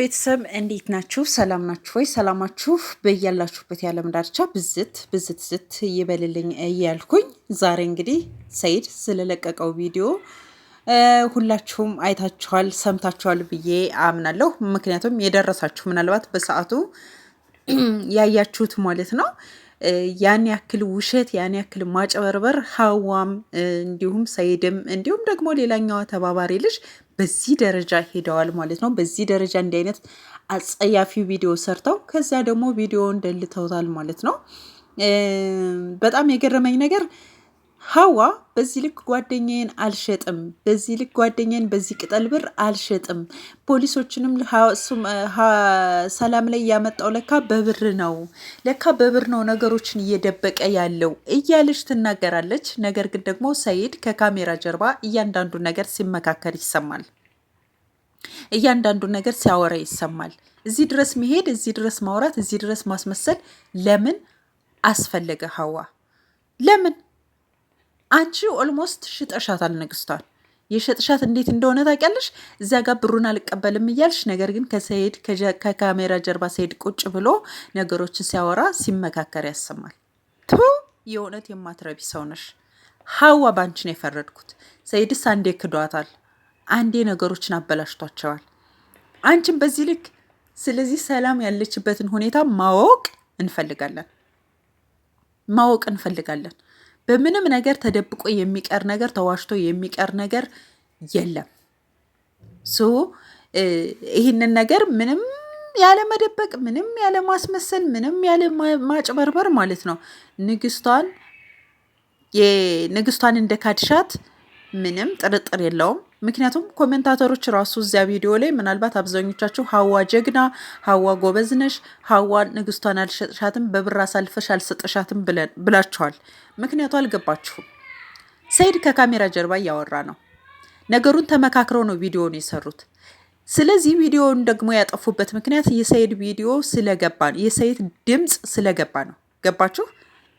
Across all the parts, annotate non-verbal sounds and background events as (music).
ቤተሰብ እንዴት ናችሁ? ሰላም ናችሁ ወይ? ሰላማችሁ በያላችሁበት የዓለም ዳርቻ ብዝት ብዝት ዝት ይበልልኝ እያልኩኝ ዛሬ እንግዲህ ሰይድ ስለለቀቀው ቪዲዮ ሁላችሁም አይታችኋል፣ ሰምታችኋል ብዬ አምናለሁ። ምክንያቱም የደረሳችሁ ምናልባት በሰዓቱ ያያችሁት ማለት ነው ያን ያክል ውሸት ያን ያክል ማጭበርበር ሀዋም እንዲሁም ሰይድም እንዲሁም ደግሞ ሌላኛዋ ተባባሪ ልጅ በዚህ ደረጃ ሄደዋል ማለት ነው። በዚህ ደረጃ እንዲህ አይነት አጸያፊ ቪዲዮ ሰርተው ከዚያ ደግሞ ቪዲዮውን ደልተውታል ማለት ነው። በጣም የገረመኝ ነገር ሀዋ በዚህ ልክ ጓደኛዬን አልሸጥም፣ በዚህ ልክ ጓደኛዬን በዚህ ቅጠል ብር አልሸጥም። ፖሊሶችንም ሰላም ላይ ያመጣው ለካ በብር ነው፣ ለካ በብር ነው ነገሮችን እየደበቀ ያለው እያለች ትናገራለች። ነገር ግን ደግሞ ሰይድ ከካሜራ ጀርባ እያንዳንዱ ነገር ሲመካከር ይሰማል። እያንዳንዱ ነገር ሲያወራ ይሰማል። እዚህ ድረስ መሄድ፣ እዚህ ድረስ ማውራት፣ እዚህ ድረስ ማስመሰል ለምን አስፈለገ ሀዋ ለምን አንቺ ኦልሞስት ሽጠሻታል ንግስቷን። የሸጥሻት እንዴት እንደሆነ ታውቂያለሽ። እዚያ ጋር ብሩን አልቀበልም እያልሽ፣ ነገር ግን ከሰይድ ከካሜራ ጀርባ ሰይድ ቁጭ ብሎ ነገሮችን ሲያወራ ሲመካከር ያሰማል። ቱ የእውነት የማትረቢ ሰው ነሽ ሀዋ። ባንቺ ነው የፈረድኩት። ሰይድስ አንዴ ክዷታል፣ አንዴ ነገሮችን አበላሽቷቸዋል። አንቺን በዚህ ልክ። ስለዚህ ሰላም ያለችበትን ሁኔታ ማወቅ እንፈልጋለን፣ ማወቅ እንፈልጋለን። በምንም ነገር ተደብቆ የሚቀር ነገር ተዋሽቶ የሚቀር ነገር የለም። ሶ ይህንን ነገር ምንም ያለ መደበቅ፣ ምንም ያለ ማስመሰል፣ ምንም ያለ ማጭበርበር ማለት ነው ንግስቷን የንግስቷን እንደ ካድሻት ምንም ጥርጥር የለውም። ምክንያቱም ኮሜንታተሮች ራሱ እዚያ ቪዲዮ ላይ ምናልባት አብዛኞቻችሁ ሀዋ ጀግና፣ ሀዋ ጎበዝነሽ፣ ሀዋ ንግስቷን አልሸጥሻትም፣ በብር አሳልፈሽ አልሰጠሻትም ብላችኋል። ምክንያቱ አልገባችሁም። ሰይድ ከካሜራ ጀርባ እያወራ ነው። ነገሩን ተመካክረው ነው ቪዲዮን የሰሩት። ስለዚህ ቪዲዮውን ደግሞ ያጠፉበት ምክንያት የሰይድ ቪዲዮ ስለገባ ነው፣ የሰይድ ድምፅ ስለገባ ነው። ገባችሁ?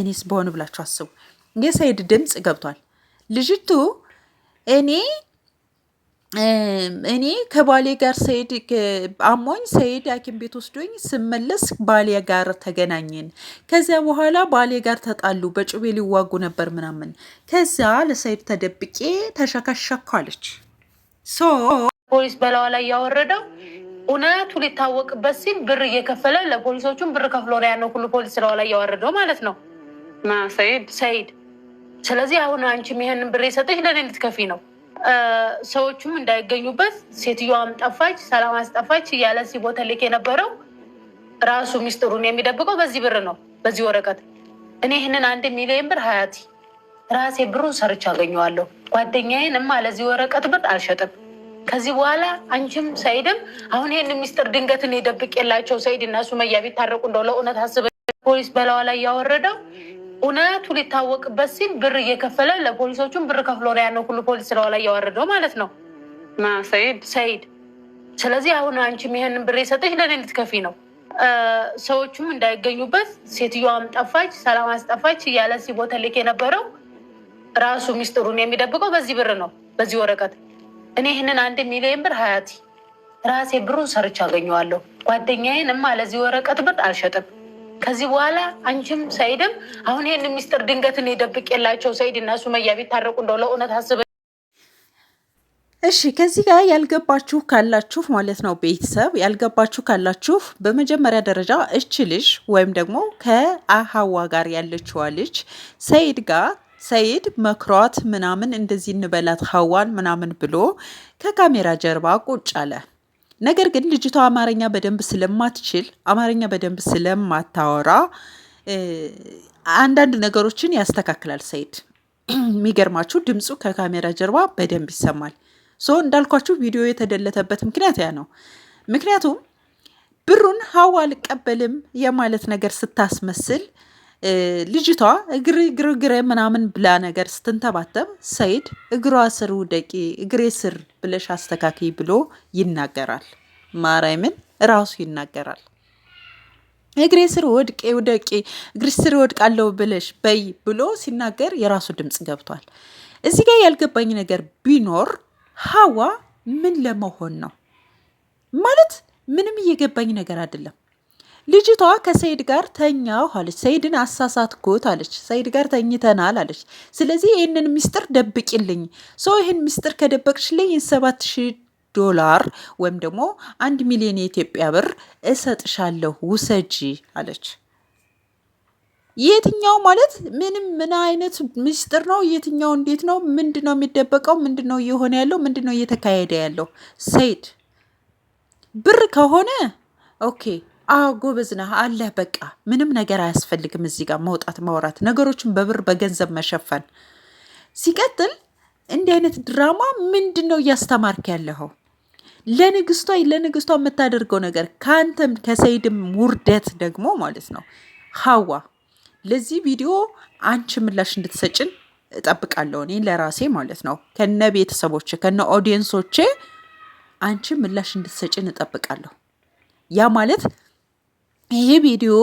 እኔስ በሆን ብላችሁ አስቡ። የሰይድ ድምፅ ገብቷል። ልጅቱ እኔ እኔ ከባሌ ጋር ሰይድ አሞኝ ሰይድ ሐኪም ቤት ወስዶኝ ስመለስ ባሌ ጋር ተገናኘን። ከዚያ በኋላ ባሌ ጋር ተጣሉ፣ በጩቤ ሊዋጉ ነበር ምናምን። ከዚያ ለሰይድ ተደብቄ ተሸካሸኩ አለች። ሶ ፖሊስ በላዋ ላይ ያወረደው እውነቱ ሊታወቅበት ሲል ብር እየከፈለ ለፖሊሶቹም ብር ከፍሎ ነው ያነው ሁሉ ፖሊስ ስላዋ ላይ ያወረደው ማለት ነው ሰኢድ ሰይድ ስለዚህ አሁን አንቺም ይሄንን ብር የሰጠች ለእኔ ልትከፊ ነው። ሰዎቹም እንዳይገኙበት ሴትዮዋም ጠፋች፣ ሰላም አስጠፋች እያለ እዚህ ቦታ ልክ የነበረው ራሱ ሚስጥሩን የሚደብቀው በዚህ ብር ነው፣ በዚህ ወረቀት። እኔ ይህንን አንድ ሚሊዮን ብር ሀያቲ ራሴ ብሩን ሰርች አገኘዋለሁ። ጓደኛዬን እማ ለዚህ ወረቀት ብር አልሸጥም። ከዚህ በኋላ አንቺም ሰይድም አሁን ይህን ሚስጥር ድንገትን የደብቅ የላቸው ሰይድ እና ሱመያ ታረቁ እንደው ለእውነት አስበ ፖሊስ በላዋ ላይ እያወረደው እውነቱ ሊታወቅበት ሲል ብር እየከፈለ ለፖሊሶቹም ብር ከፍሎ ነው ያንን ሁሉ ፖሊስ ስራው ላይ እያወረደው ማለት ነው ሰይድ ሰይድ። ስለዚህ አሁን አንቺም ይሄንን ብር የሰጠች ለእኔ ልትከፊ ነው። ሰዎቹም እንዳይገኙበት ሴትዮዋም ጠፋች፣ ሰላም አስጠፋች እያለ ሲቦተልክ የነበረው ራሱ ሚስጥሩን የሚደብቀው በዚህ ብር ነው፣ በዚህ ወረቀት። እኔ ይህንን አንድ ሚሊዮን ብር ሀያቲ ራሴ ብሩን ሰርች አገኘዋለሁ። ጓደኛዬን ለዚህ ወረቀት ብር አልሸጥም። ከዚህ በኋላ አንቺም ሰይድም አሁን ይህን ሚስጥር ድንገትን የደብቅ የላቸው ሰይድ እና ሱመያ ቢታረቁ እንደው ለእውነት አስበ እሺ ከዚህ ጋር ያልገባችሁ ካላችሁ ማለት ነው ቤተሰብ ያልገባችሁ ካላችሁ በመጀመሪያ ደረጃ እች ልጅ ወይም ደግሞ ከአሀዋ ጋር ያለችዋ ልጅ ሰይድ ጋር ሰይድ መክሯት ምናምን እንደዚህ እንበላት ሀዋን ምናምን ብሎ ከካሜራ ጀርባ ቁጭ አለ። ነገር ግን ልጅቷ አማርኛ በደንብ ስለማትችል አማርኛ በደንብ ስለማታወራ አንዳንድ ነገሮችን ያስተካክላል ሰይድ (clears throat) የሚገርማችሁ ድምፁ ከካሜራ ጀርባ በደንብ ይሰማል። ሶ እንዳልኳችሁ ቪዲዮ የተደለተበት ምክንያት ያ ነው። ምክንያቱም ብሩን ሀዋ አልቀበልም የማለት ነገር ስታስመስል ልጅቷ እግሬ ግርግሬ ምናምን ብላ ነገር ስትንተባተብ ሰይድ እግሯ ስር ውደቂ፣ እግሬ ስር ብለሽ አስተካኪ ብሎ ይናገራል። ማርያምን ራሱ ይናገራል። እግሬ ስር ወድቄ ውደቂ፣ እግሬ ስር ወድቃለሁ ብለሽ በይ ብሎ ሲናገር የራሱ ድምፅ ገብቷል። እዚህ ጋር ያልገባኝ ነገር ቢኖር ሀዋ ምን ለመሆን ነው ማለት ምንም እየገባኝ ነገር አይደለም። ልጅቷ ከሰይድ ጋር ተኛው አለች። ሰይድን አሳሳትኩት አለች። ሰይድ ጋር ተኝተናል አለች። ስለዚህ ይህንን ምስጢር ደብቂልኝ። ሰው ይህን ምስጢር ከደበቅችልኝ ሰባት ሺ ዶላር ወይም ደግሞ አንድ ሚሊዮን የኢትዮጵያ ብር እሰጥሻለሁ ውሰጂ አለች። የትኛው ማለት ምንም ምን አይነት ምስጢር ነው? የትኛው እንዴት ነው? ምንድን ነው የሚደበቀው? ምንድን ነው እየሆነ ያለው? ምንድን ነው እየተካሄደ ያለው? ሰይድ ብር ከሆነ ኦኬ አዎ ጎበዝ ነህ አለህ። በቃ ምንም ነገር አያስፈልግም። እዚህ ጋር መውጣት ማውራት፣ ነገሮችን በብር በገንዘብ መሸፈን። ሲቀጥል እንዲህ አይነት ድራማ ምንድን ነው እያስተማርክ ያለኸው? ለንግስቷ ለንግስቷ የምታደርገው ነገር ከአንተም ከሰይድም ውርደት ደግሞ ማለት ነው። ሀዋ ለዚህ ቪዲዮ አንቺ ምላሽ እንድትሰጭን እጠብቃለሁ። እኔ ለራሴ ማለት ነው ከነ ቤተሰቦቼ ከነ ኦዲየንሶቼ አንቺ ምላሽ እንድትሰጭን እጠብቃለሁ። ያ ማለት ይሄ ቪዲዮ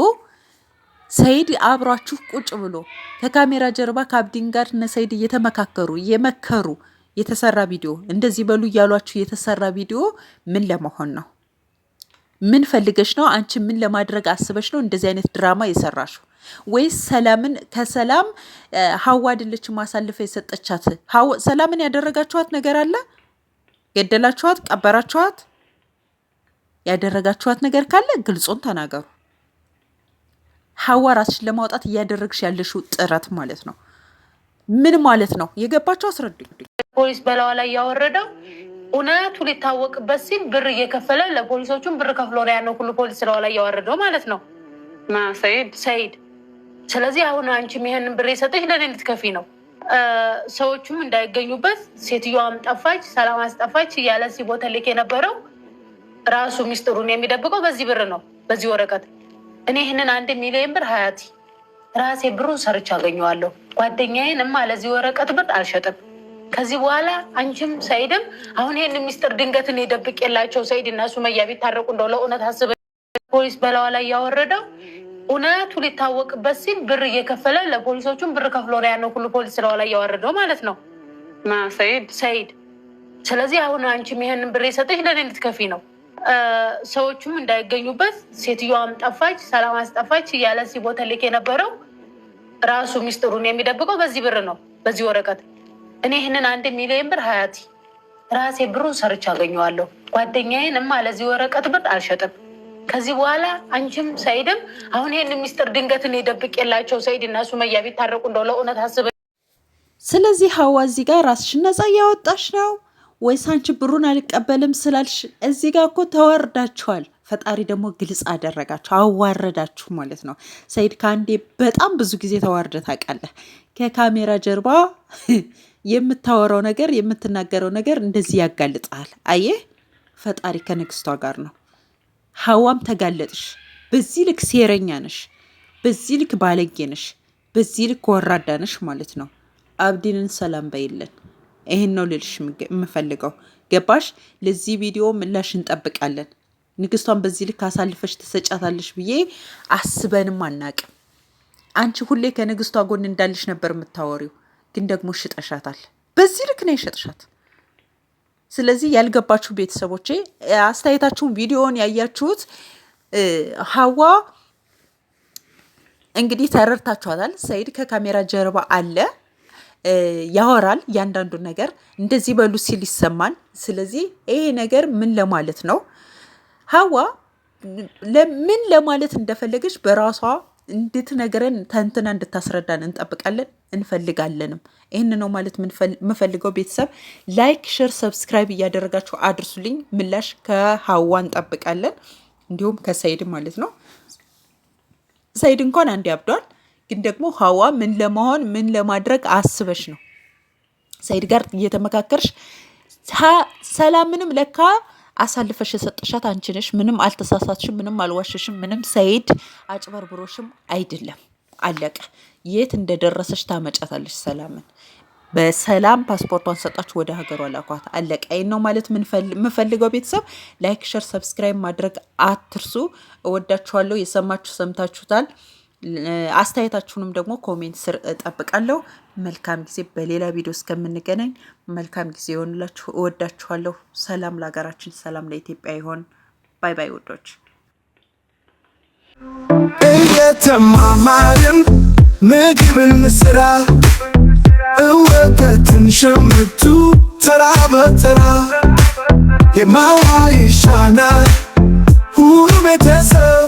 ሰይድ አብሯችሁ ቁጭ ብሎ ከካሜራ ጀርባ ከአብዲን ጋር እነ ሰይድ እየተመካከሩ እየመከሩ የተሰራ ቪዲዮ እንደዚህ በሉ እያሏችሁ የተሰራ ቪዲዮ ምን ለመሆን ነው? ምን ፈልገሽ ነው? አንቺ ምን ለማድረግ አስበሽ ነው እንደዚህ አይነት ድራማ የሰራሽው? ወይስ ሰላምን ከሰላም ሀዋ ድልች ማሳልፈ የሰጠቻት ሰላምን ያደረጋችኋት ነገር አለ? ገደላችኋት? ቀበራችኋት? ያደረጋችኋት ነገር ካለ ግልጹን ተናገሩ። ሀዋ ራስሽን ለማውጣት እያደረግሽ ያለሽው ጥረት ማለት ነው ምን ማለት ነው? የገባቸው አስረዱኝ። ፖሊስ በላዋ ላይ ያወረደው እውነቱ ሊታወቅበት ሲል ብር እየከፈለ ለፖሊሶቹም ብር ከፍሎ ነው ያነው ሁሉ ፖሊስ ለዋ ላይ ያወረደው ማለት ነው ሰይድ ሰይድ። ስለዚህ አሁን አንቺም ይሄንን ብር የሰጠች ለእኔ ልትከፊ ነው። ሰዎቹም እንዳይገኙበት ሴትዮዋም ጠፋች፣ ሰላም አስጠፋች እያለ ሲቦተልክ የነበረው ራሱ ሚስጥሩን የሚደብቀው በዚህ ብር ነው፣ በዚህ ወረቀት። እኔ ይህንን አንድ ሚሊዮን ብር ሀያት ራሴ ብሩን ሰርች አገኘዋለሁ። ጓደኛዬን እማ ለዚህ ወረቀት ብር አልሸጥም። ከዚህ በኋላ አንቺም ሰይድም አሁን ይህን ሚስጥር ድንገትን የደብቅ የላቸው ሰይድ እና ሱመያ ቢታረቁ እንደው ለእውነት አስበ ፖሊስ በላዋ ላይ እያወረደው እውነቱ ሊታወቅበት ሲል ብር እየከፈለ ለፖሊሶቹም ብር ከፍሎ ነው ያነው ሁሉ ፖሊስ ስለዋ ላይ እያወረደው ማለት ነው ሰይድ ሰይድ። ስለዚህ አሁን አንቺም ይህንን ብር የሰጠች ለእኔ ልትከፊ ነው ሰዎቹም እንዳይገኙበት ሴትዮዋም ጠፋች፣ ሰላም አስጠፋች እያለ ሲቦተልክ የነበረው ራሱ ሚስጥሩን የሚደብቀው በዚህ ብር ነው፣ በዚህ ወረቀት። እኔ ይህንን አንድ ሚሊዮን ብር ሀያቲ ራሴ ብሩን ሰርች አገኘዋለሁ። ጓደኛዬን እማ ለዚህ ወረቀት ብር አልሸጥም። ከዚህ በኋላ አንቺም ሰይድም አሁን ይህን ሚስጥር ድንገትን የደብቅ የላቸው ሰይድ እና ሱመያ ቢታረቁ እንደው ለእውነት አስበ። ስለዚህ ሀዋ እዚህ ጋር ራስሽን ነጻ እያወጣሽ ነው ወይስ አንቺ ብሩን አልቀበልም ስላልሽ እዚህ ጋር እኮ ተወርዳችኋል። ፈጣሪ ደግሞ ግልጽ አደረጋችሁ፣ አዋረዳችሁ ማለት ነው። ሰይድ ከአንዴ በጣም ብዙ ጊዜ ተዋርደ ታውቃለህ። ከካሜራ ጀርባ (laughs) የምታወራው ነገር የምትናገረው ነገር እንደዚህ ያጋልጣል። አየህ፣ ፈጣሪ ከንግስቷ ጋር ነው። ሀዋም ተጋለጥሽ። በዚህ ልክ ሴረኛ ነሽ፣ በዚህ ልክ ባለጌ ነሽ፣ በዚህ ልክ ወራዳ ነሽ ማለት ነው። አብዲንን ሰላም በይለን። ይሄን ነው ልልሽ የምፈልገው። ገባሽ? ለዚህ ቪዲዮ ምላሽ እንጠብቃለን። ንግስቷን በዚህ ልክ አሳልፈሽ ትሰጫታለሽ ብዬ አስበንም አናቅም። አንቺ ሁሌ ከንግስቷ ጎን እንዳለሽ ነበር የምታወሪው፣ ግን ደግሞ ሽጠሻታል። በዚህ ልክ ነው የሸጥሻት። ስለዚህ ያልገባችሁ ቤተሰቦቼ አስተያየታችሁን፣ ቪዲዮውን ያያችሁት ሀዋ እንግዲህ ተረድታችኋታል። ሰይድ ከካሜራ ጀርባ አለ ያወራል እያንዳንዱን ነገር እንደዚህ በሉ ሲል ይሰማል። ስለዚህ ይሄ ነገር ምን ለማለት ነው? ሀዋ ለምን ለማለት እንደፈለገች በራሷ እንድትነግረን ተንትና እንድታስረዳን እንጠብቃለን እንፈልጋለንም። ይህን ነው ማለት የምፈልገው። ቤተሰብ ላይክ፣ ሼር፣ ሰብስክራይብ እያደረጋችሁ አድርሱልኝ። ምላሽ ከሀዋ እንጠብቃለን፣ እንዲሁም ከሰይድ ማለት ነው። ሰይድ እንኳን አንድ ያብዷል። ግን ደግሞ ሀዋ ምን ለመሆን ምን ለማድረግ አስበሽ ነው ሰይድ ጋር እየተመካከርሽ ሰላምንም ለካ አሳልፈሽ የሰጠሻት አንቺ ነሽ። ምንም አልተሳሳትሽም፣ ምንም አልዋሸሽም፣ ምንም ሰይድ አጭበርብሮሽም አይደለም። አለቀ። የት እንደደረሰች ታመጫታለች ሰላምን። በሰላም ፓስፖርቷን ሰጣችሁ ወደ ሀገሯ ላኳት። አለቀ። ይህን ነው ማለት የምፈልገው። ቤተሰብ ላይክ፣ ሸር፣ ሰብስክራይብ ማድረግ አትርሱ። እወዳችኋለሁ። የሰማችሁ ሰምታችሁታል። አስተያየታችሁንም ደግሞ ኮሜንት ስር እጠብቃለሁ። መልካም ጊዜ። በሌላ ቪዲዮ እስከምንገናኝ መልካም ጊዜ ይሆንላችሁ። እወዳችኋለሁ። ሰላም ለሀገራችን፣ ሰላም ለኢትዮጵያ ይሆን። ባይ ባይ ውዶች። እየተማማርን ምግብን ስራ እወተትን ሸምቱ ተራ በተራ የማዋ ይሻናል ሁሉ ቤተሰብ